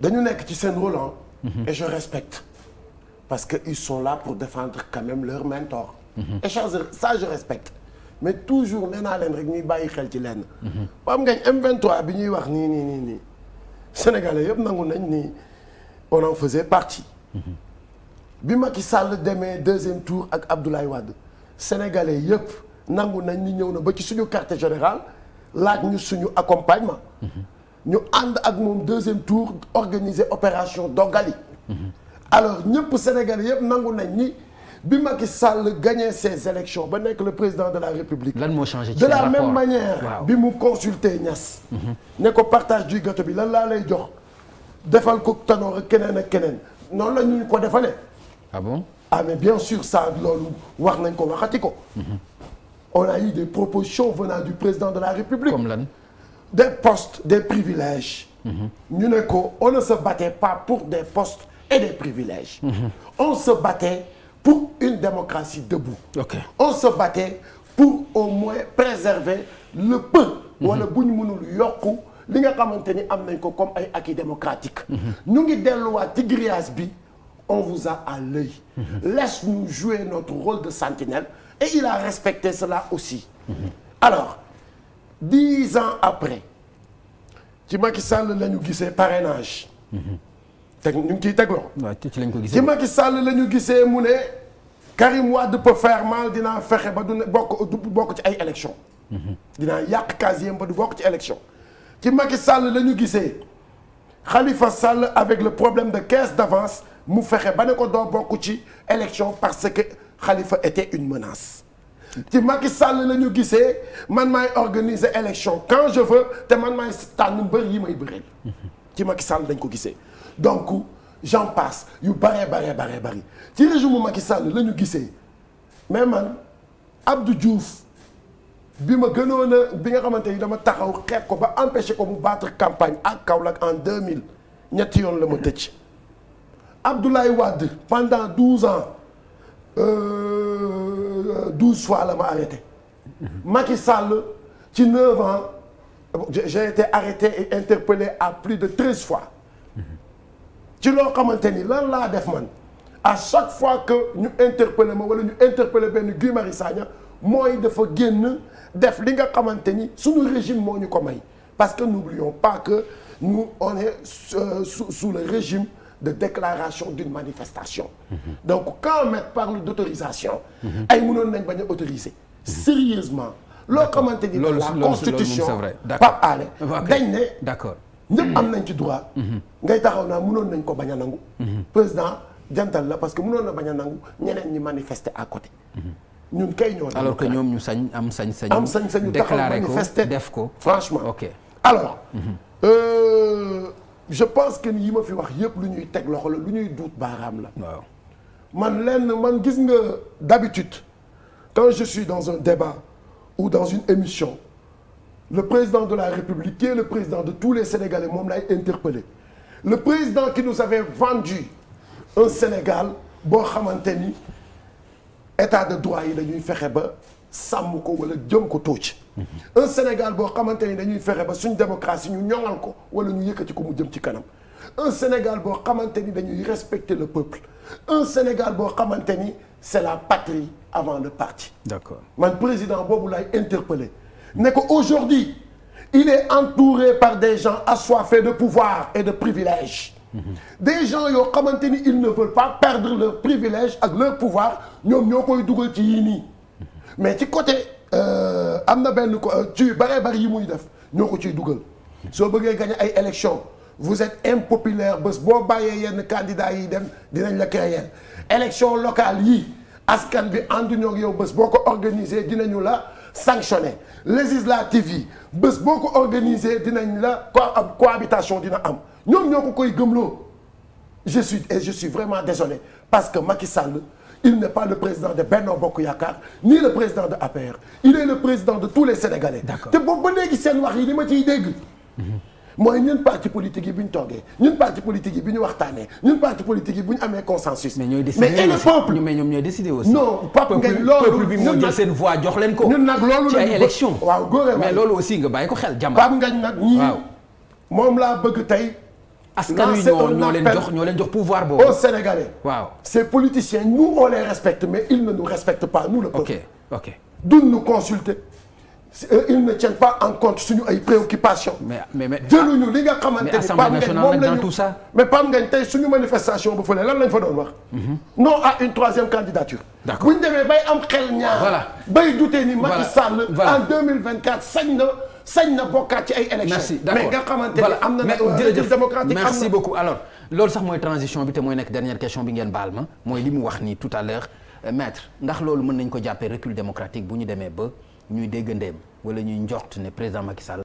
dañu nekk ci seen rôle mm-hmm. et je respecte parce que ils sont là pour défendre quand même leur mentor mm-hmm. et ça je respecte mais toujours nee naa leen rek ñuy bàyyi xel ci leen ba am ngañ bi ñuy wax nii nii nii nii sénégalais yëpp nangu nañ ni on en faisait partie mm-hmm. bi Macky sàll demee deuxième tour ak Abdoulaye wadd sénégalais yëpp nangu nañ ni ñëw na ba ci suñu quartier général laaj ñu suñu accompagnement ñu ànd ak moom deuxième tour organiser opération Dogali alors ñëpp Sénégalais yëpp nangu nañ ni bi ma Macky Sall gagné ses élections ba nekk le président de la République lan moo changé de la même manière bi mu consulté Niass ne ko partage du gâteau bi lan laa lay jox defal ko Tanor ak keneen ak keneen noonu la ñu ko defalee ah bon ah mais bien sûr ça loolu wax nañ ko waxati ko mhm. on a eu des propositions venant du président de la République comme lan des postes des privilèges ñu ne ko on ne se battait pas pour des postes et des privilèges on se battait pour une démocratie debout okay. on se battait pour au moins préserver le peu wala bu ñu mënul yokku li nga xamante ni am nañ ko comme ay acquis démocratique ñu ngi delluwaat ci grillage bi on vous a à l'œil laisse-nous jouer notre rôle de sentinelle et il a respecté cela aussi alors dix ans après ci Macky Sall la ñu gisee parrainage. teg ñu ngi ciy teg loxo. ci lañ ko gisee ci Macky Sall la ñu gisee mu ne Karim Wade peut faire mal dinaa fexe ba du ne bokk du ci ay élections. dinaa yàq casier ba du bokk ci élection ci Macky Sall la ñu gisee Khalifa Sall avec le problème de caisse d'avance mu fexe ba ne ko doo bokk ci élection parce que Khalifa était une menace. ci Macky Sall la gisee man may organiser élection quand je veux te man maay tànn mbër yi may bëreel ci Macky Sall dañ ko gisee donc j'en passe yu bare bare bare bari ci régime Macky Sall la gisee mais man Abdou Diouf bi ma gënoon a bi nga xamante ni dama taxaw xeex ko ba empêché ko mu battre campagne ak Kaolack en mille ñetti yoon la ma tëj Abdoulaye Wade pendant 12 ans. Euh, Euh, douze fois la ma arrêté. Macky Sall ci neuf ans j'ai été arrêté et interpellé à plus de treize fois. ci loo xamante ni lan laa def man à chaque fois que ñu interpellé moo wala ñu interpellé benn Guy Marius Sagna mooy dafa génn def li nga xamante ni suñu régime moo ñu ko may parce que n'oublions pas que nous on est euh, sous le régime. de déclaration d'une manifestation mmh. donc quand on met parle d'autorisation ay mënoon nañ bañ a autoriser sérieusement loo xamante ni la constitution Pape Alé dañ ne d'accord am nañ ci droit mhm. ngay taxaw naa mënoon nañ ko bañ a nangu mhm. président jantal la parce que mënoon na bañ a nangu ñeneen ñi manifester à côté mhm. ñun kay ñoo alors que ñoom ñu sañ am sañ sañ am sañ sañu taxaw manifester def ko franchement ok alors euh, je pense que yi moo fi wax yëpp lu ñuy teg loxo la lu ñuy duut baaraam la. waaw man lenn man gis nga d'habitude quand je suis dans un débat ou dans une émission le président de la République qui est le président de tous les Sénégalais moom lay interpellé le président qui nous avait vendu un Sénégal boo xamante ni état de droit yi dañuy fexe ba. sàmm ko wala jëm ko tóoc un Sénégal boo xamante ni dañuy fexe ba suñ démocratie ñu ñoŋal ko wala ñu yëkkati ko mu jëm ci kanam un Sénégal boo xamante ni dañuy respecter le peuple un Sénégal boo xamante ni c'est la patrie avant le parti. d'accord man président boobu laay interpellé ne ko aujourd'hui il est entouré par des gens assoiffés de pouvoir et de privilèges. des gens yoo xamante ni ils ne veulent pas perdre leur privilège ak leur pouvoir ñoom ñoo koy dugal ci yii mais ci côté euh, am na benn ko euh, ci yu bëree bëri yi muy def ñoo ko ciy dugal soo bëggee gagné ay élection vous êtes impopulaire bés boo bàyyee yenn candidats yi dem dinañ la créer élection locale yi askan bi ànduñoo yow bës boo ko organisé dinañu la sanctionné législative yi bës boo ko organisé dinañ la co euh, cohabitation dina am ñoom ñoo ko koy gëmloo je suis et je suis vraiment désolé parce que Macky Sall il n'est pas le président de Benno Bokk Yaakaar ni le président de APR il est le président de tous les Sénégalais te boobu ba léegi seen wax yi li ma ciy dégg mooy ñun parti politique i bu ñu toogee ñun parti politique yi bu ñu waxtaanee ñun parti politique yi bu ñu amee consensus. mais ñooy décidé mais aussi. non Pape Ngagne loolu peuple bi moo jël seen voix jox leen ko. ñun nag loolu aussi nga bàyyi ko xel jàmm. Pape Ngagne nag ñii moom laa bëgg tey. askan wi ñoo ñoo leen jox ñoo leen jox pouvoir boobu. aux Sénégalais. waaw ces politiciens nous on les respecte mais ils ne nous respectent pas nous le peuple. ok ok duñ ñu consulter. Euh, ils ne tiennent pas en compte suñu ay préoccupations. mais mais mais jëluñu li nga xamante ni Assemblée nationale lañ dans tout ça. mais Pape Ngagne tey suñu manifestation bu fële lan lañ fa doon wax. Mhm. non à une troisième candidature. d'accord bu ñu demee bay am xel ñaar. voilà bay dutee ni Macky Sall. en 2024 sañ na. sañ na bokkaat ci ay élections. mais nga xamante ne am na. jërëjëf démocratique merci beaucoup alors loolu sax mooy transition bi te mooy nekk dernière question bi ngeen baal ma mooy li mu wax nii tout à l'heure euh, maître ndax loolu mën nañ ko jàppee recul démocratique bu ñu demee ba ñuy déggandeem wala ñuy njort ne président Macky Sall